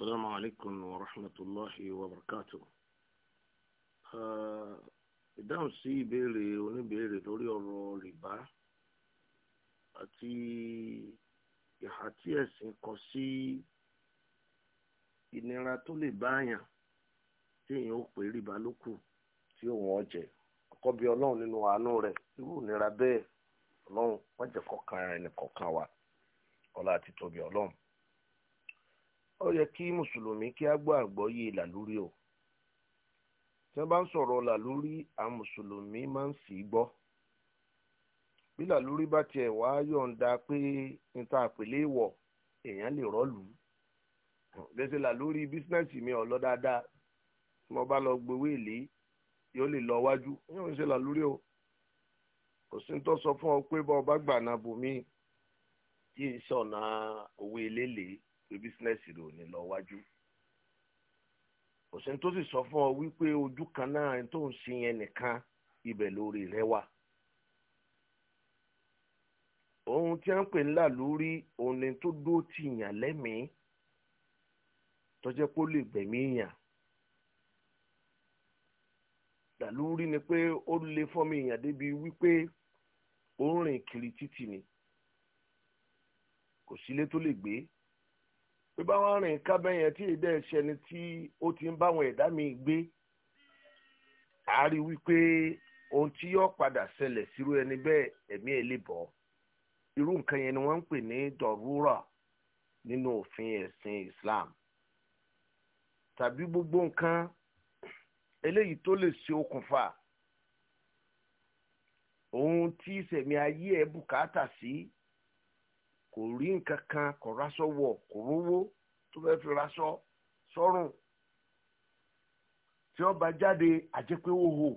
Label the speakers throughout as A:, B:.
A: السلام عليكم ورحمة الله وبركاته ìdáhùn sí ìbéèrè oníbéèrè lórí ọ̀rọ̀ rìbá àti ìhà tí ẹ̀sìn kọ sí ìnira tó lè bá àyàn tí èèyàn ó pè rìbá lókù tí òun ọ̀jẹ̀ ọkọ bíi ọlọ́run nínú àánú rẹ̀ irú ìnira bẹ́ẹ̀ ọlọ́run wọ́n jẹ́ kọ̀ọ̀kan ẹnì kọ̀ọ̀kan wa ọlá àti tóbi ọlọ́run ó yẹ kí mùsùlùmí kí á gbọ́ àgbọ́yé làlúrí o tí wọ́n bá ń sọ̀rọ̀ làlúrí àwọn mùsùlùmí máa ń sì gbọ́ bí làlúrí bá tiẹ̀ wá yọ̀ǹda pé níta àpèlé ìwọ̀ èèyàn lè rọ́ọ̀lù gbèsè làlúrí bísínẹ́sì mi ọ̀lọ́ dáadáa tí mo bá lọ gbowó èlé yóò lè lọ wájú yóò ń ṣe làlúrí o kò sí tó sọ fún ọ pé bá ọ bá gbà náà bòmí tí sọ̀nà òwe lélẹ̀ẹ́ pé bísínẹ́sì rò ní lọ wájú òsín tó sì sọ fún ọ wípé ojú kan náà tó ń sin yẹn nìkan ibẹ̀ lórí rẹ wà ohun tí a ń pè ńlá lórí òun ni tó dó ti yàn lẹ́mìí tó jẹ́ kó lè gbẹ̀mí yàn làlúrí ni pé ó lè fọ́mi èèyàn débi wípé ó ń rìn kiri títì ni kò sílé tó lè gbé pé báwọn rìn ká bẹ́yẹn tí èdè ṣẹni tí ó ti ń báwọn ẹ̀dá mi gbé a rí wípé ohun tí yóò padà ṣẹlẹ̀ sírú ẹni bẹ́ẹ̀ ẹ̀mí ẹ̀ lè bọ́ irú nǹkan yẹn ni wọ́n ń pè ní dọ̀rúrà nínú òfin ẹ̀sìn Islam tàbí gbogbo nǹkan eléyìí tó lè ṣe okùnfà ohun tí ìṣẹ̀mí ayé ẹ̀ bùkátà sí. Si, kò rí nǹkan kan kò raṣọ wọ̀ kò rówó tó fẹ́ fi raṣọ sọ́rùn tí wọ́n bá jáde àjẹpéwòhò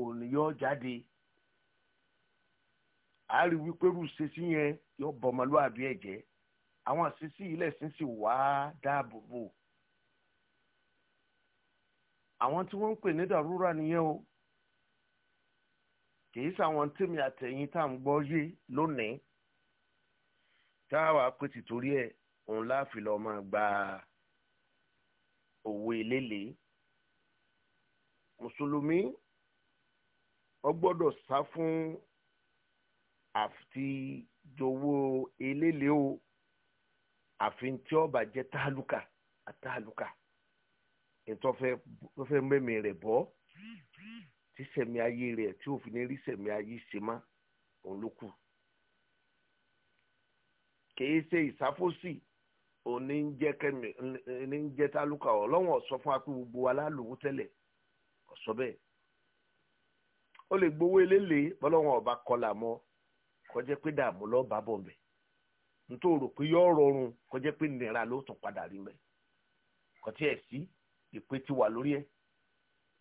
A: òní yọ jáde a rí wípé rú ṣesí yẹn yọ bọmọlúwàbí ẹ̀jẹ̀ àwọn àṣìṣe ilẹ̀ sín sì wá dáàbò bò àwọn tí wọ́n ń pè ní nìyẹn o kì í sàwọn tèmi àtẹ̀yìn tá à ń gbọ́ yé lónìí táwa pèsè torí ẹ̀ òun láàfin lọ́ọ́ máa gba òwe lélẹ̀ mùsùlùmí ó gbọ́dọ̀ sá fún àti jowó eléle o àfin tí ọba jẹ táàlùkà àtàlùkà ètò ọfẹ mẹmẹ rẹ bọ tí sẹmi ayé rẹ tí òfin rí sẹmi ayé ṣe òun ló kù kìí ṣe ìsáfòsì òní ń jẹ́ kẹ́mi ní ń jẹ́ tálùkà ọlọ́wọ́n ọ̀sọ́ fún apẹ́ gbogbo wa lálùú tẹ́lẹ̀ ọ̀sọ́ bẹ́ẹ̀ ó lè gbowó eléle bọ́lọ́wọ́n ọba kọlà mọ́ kọjá pé dààmú lọ́ọ́ bá bọ̀ mẹ́ nítorí rò pé yọ rọrùn kọjá pé nira ló tún padà rí mẹ́ kọtí ẹ̀ sí ìpè ti wà lórí ẹ̀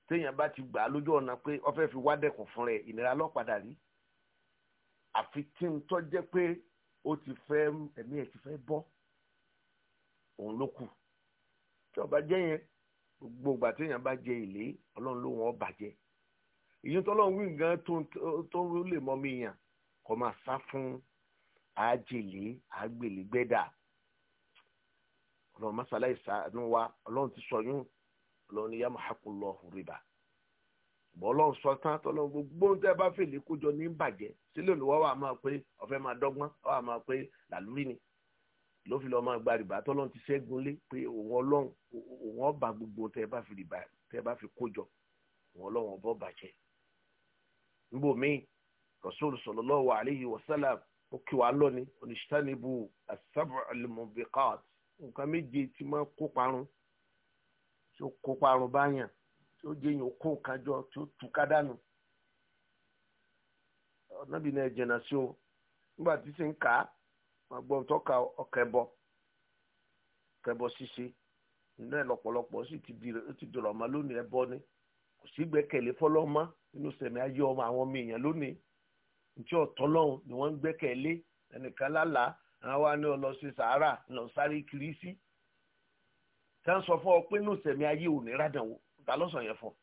A: téèyàn bá ti gbà á lójú ọ̀nà pé ó fẹ́ fi wá dẹ̀kùn fún rẹ̀ ìnira lọ́ọ́ padà rí àfi tí ń tọ́jẹ́ pé ó ti fẹ́ ẹ̀mí ẹ̀ ti fẹ́ bọ́ òun ló kù tí ọba jẹ́ yẹn gbogbo ìgbà tí èèyàn bá jẹ ilé ọlọ́run ló wọn bàjẹ́ ìyẹn tó lọ́run wí gan tó lè mọ mi yàn kó máa sá fún àjèlé àgbèlégbẹ́dà ọlọ́run masalá ìsànú wa ọlọ́run ti sọyún ọlọ́run ni yamahakulọ rìbá bọ́lọ́n sọ́tán tọ́lọ́n gbogbo ohun tẹ́ bá fèlè kójọ ní bàjẹ́ sílẹ̀ olùwọ́ wà máa pé ọ̀fẹ́ máa dọ́gbọ́n wà máa pé làlúrí ni ló fi lọ́ máa gba rìbá tọ́lọ́n ti ṣẹ́gun lé pé òun ọlọ́run òun ọba gbogbo tẹ́ bá fi rìbá tẹ́ bá fi kójọ òun ọlọ́run ọbọ̀ bàjẹ́. níbo míì rasul sallallahu alayhi wa sallam ó kí wa lọ́ni onishtanibu as-sab'a al-mubiqat nǹkan méje tí máa kó parun tí ó kó parun báyàn tó jẹyìn kó nǹkan jọ tó túká dànù ọ̀nàbì náà jẹ̀nà sí o nígbà tí sì ń kà á máa gbọ́ tọ́ka ọ̀kẹ́bọ ọ̀kẹ́bọ ṣíṣe nílẹ̀ lọ́pọ̀lọpọ̀ sì ti dọ̀rọ̀ ọmọ lónìí ẹbọ ni kò sí gbẹ́kẹ̀lé fọlọ́mọ nínú sẹ̀mí ayé ọmọ àwọn ọmọ èèyàn lónìí ntí ọ̀tọ́ lọ́hùn ni wọ́n ń gbẹ́kẹ̀lé ẹnìkan lálà àwọn wa ní ọlọ́ sí sàárà lọ sáré kiri sí. tá fún ọ pé nínú sẹ̀mí ayé ò ní rádàn wò ta ló sọ yẹn fún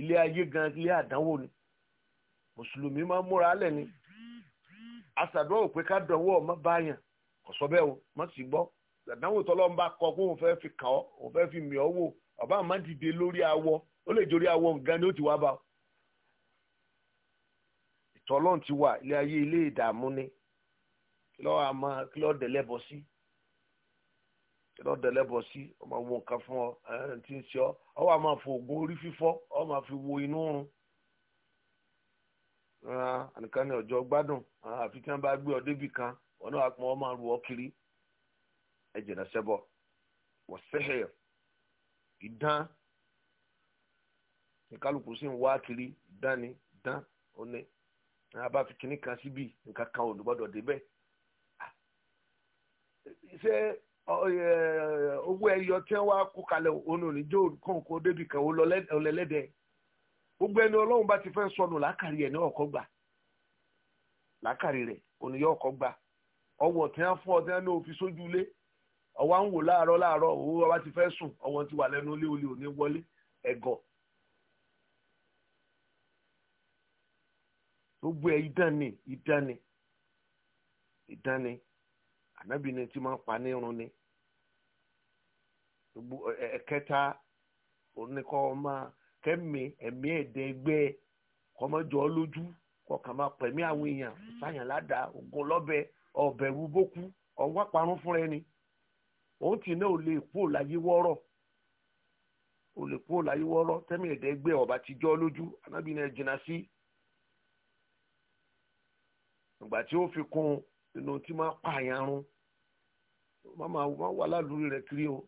A: ilé ayé gan ilé àdánwò ni mùsùlùmí máa ń múra lẹ̀ ni àṣàdúrà ò pé ká dánwò ọmọ báyàn kò sọ bẹ́ẹ̀ o má sì gbọ́ àdánwò tọ́lọ́ ń bá kọ pé òun fẹ́ fi kàn ọ́ òun fẹ́ fi mì ọ́ wò ọba àmọ́ dìde lórí awọ ó lè jórí awọ gan ni ó ti wá bá ọ. ìtọ́lọ́n ti wà ilé ayé ilé ìdààmú ni kí lọ́ọ́ àmọ́ kí lọ́ọ́ dẹ̀ lẹ́bọ̀ sí. Si lọ́dọ̀ lẹ́bọ̀ sí ọmọ wo nǹkan fún ọ tí ń ṣe ọ ọ wà máa fo oògùn orí fífọ́ ọ máa fi wo inú run ànìkan ní ọjọ́ gbádùn àfi tí wọ́n bá gbé ọ débì kan wọn náà pọn ọ máa rù ọ kiri ẹ jìnnà sẹ́bọ̀ wọ́n sẹ́hẹ̀ ìdán ìkálukú sì ń wá kiri ìdán ni ìdán ó ní a bá fi kinní kan síbi nǹkan kan ò ní gbọ́dọ̀ débẹ̀ ah, ṣé owó ẹyọ tí wọ́n á kó kalẹ̀ òun ò ní jó débi kan ó ẹni bá ti fẹ́ sọnù lákàrí ẹ̀ ní ọkọ gbà lákàrí òní tí fún ọ tí ní òfin sójú ilé ọwọ ń wò ọba ti sùn ọwọ ti wà ilé olè òní wọlé gbogbo ànábì ni tí máa ń pa ní irun ni ẹ̀kẹta oníkọ́ máa kẹ́mi ẹ̀mí ẹ̀dẹ́ ẹgbẹ́ kọ́mọ́jọ́ lójú kọkàn máa pẹ̀mí àwọn èèyàn sáyàn ládàá ogun lọ́bẹ ọ̀bẹ̀rù bókú ọ̀wá parun fúnra ẹni òun tì náà ò lè kú òláyé wọ́rọ̀ ò lè kú òláyé wọ́rọ̀ tẹ́mi ẹ̀dẹ́ ẹgbẹ́ ọ̀bà ti jọ́ lójú ànábì ni jìnnà sí ìgbà tí ó fi kún un. nínú tí máa pààyàn rún má máa wà kiri o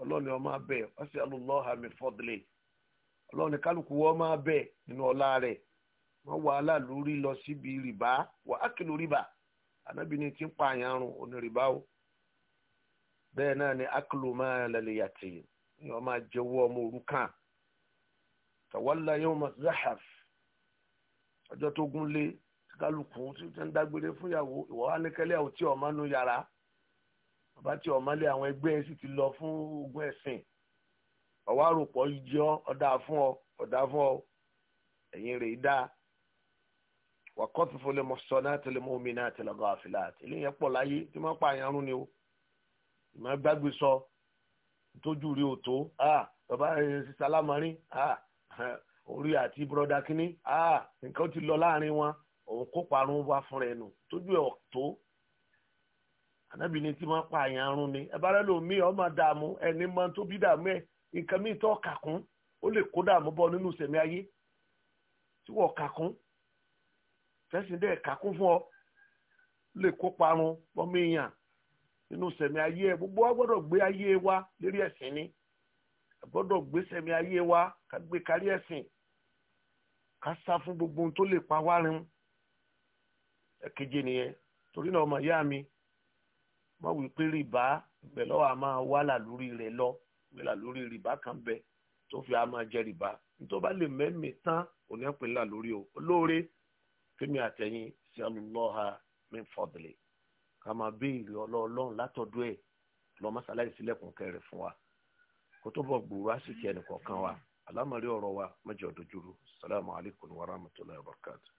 A: ọlọ́ni ọmọ abẹ ọsẹ alùlọ́ha mi fọ́dúlẹ̀ ọlọ́ni kálukú wọ́n máa bẹ nínú ọlá rẹ̀ wọ́n wà lálùúrí lọ síbi rìbá á rìbá ti ń rún òní rìbá o ni máa yàtì ni máa ọmọ máa kálukú tí ó ti ń dágbére fún ìyàwó ìwọ wá ní kẹlẹ àwọn tí ọmọ nu yàrá bàbá tí ọmọ lé àwọn ẹgbẹ́ ẹ sì ti lọ fún ogun ẹ̀sìn ọwọ́ àròpọ̀ ìjọ ọ̀dà fún ọ ọ̀dà fún ọ ẹ̀yìn rẹ̀ dá wàkọ́tù fúnlẹ̀ mọ̀sánná tẹlẹ̀ mọ́ omi náà tẹlẹ̀ gọ́ àfìlà tẹlẹ̀ yẹn pọ̀ láyé tí wọ́n pa àyàn rún ni o ìmọ̀ gbàgbé sọ tójú rí o tó bàbá sísá lámarín orí àti bùrọ̀dá kínní nǹkan ti lọ láàrin wọn òun kó parun wá fúnra ẹnu tójú ẹ̀ tó ànábì ni tí wọ́n pa àyàn arún ni ẹ bá rẹ́ lòun mí ọmọ dààmú ẹni mọ tó bí dààmú ẹ nǹkan míì tó kà kún ó lè kó dààmú bọ́ nínú sẹ̀mí ayé tí wọ́n kà kún fẹ́sìn dẹ́ kà kún fún ọ lè kó parun bọ́mọ èèyàn nínú sẹ̀mí ayé ẹ gbogbo wa gbọ́dọ̀ gbé ayé wa lérí ẹ̀sìn ni ẹ gbọ́dọ̀ gbé sẹ̀mí ayé wa ká kárí ẹ̀sìn ká sá fún gbogbo ohun tó lè pa wá rin ẹ̀keje nìyẹn torí náà ọmọ ìyá mi wọ́n wí pé rìbá ibẹ̀ lọ́wọ́ a máa wá là lórí rẹ̀ lọ gbé là lórí rìbá kan bẹ tó fi a máa jẹ rìbá nítorí lè mẹ́mẹ́ tán òní ẹ̀pẹ́ là lórí o olóore fẹ́mi àtẹ̀yìn min fadli ká máa béèrè ọlọ́ọ̀lọ́run látọ̀dọ̀ ẹ̀ lọ́ sílẹ̀kùn kẹrẹ̀ fún wa kó tó bọ̀ gbòòrò wa alámọ̀rí ọ̀rọ̀ wa mẹ́jọ dojúrú salamu alaykum wa rahmatulahi wa barakatuh.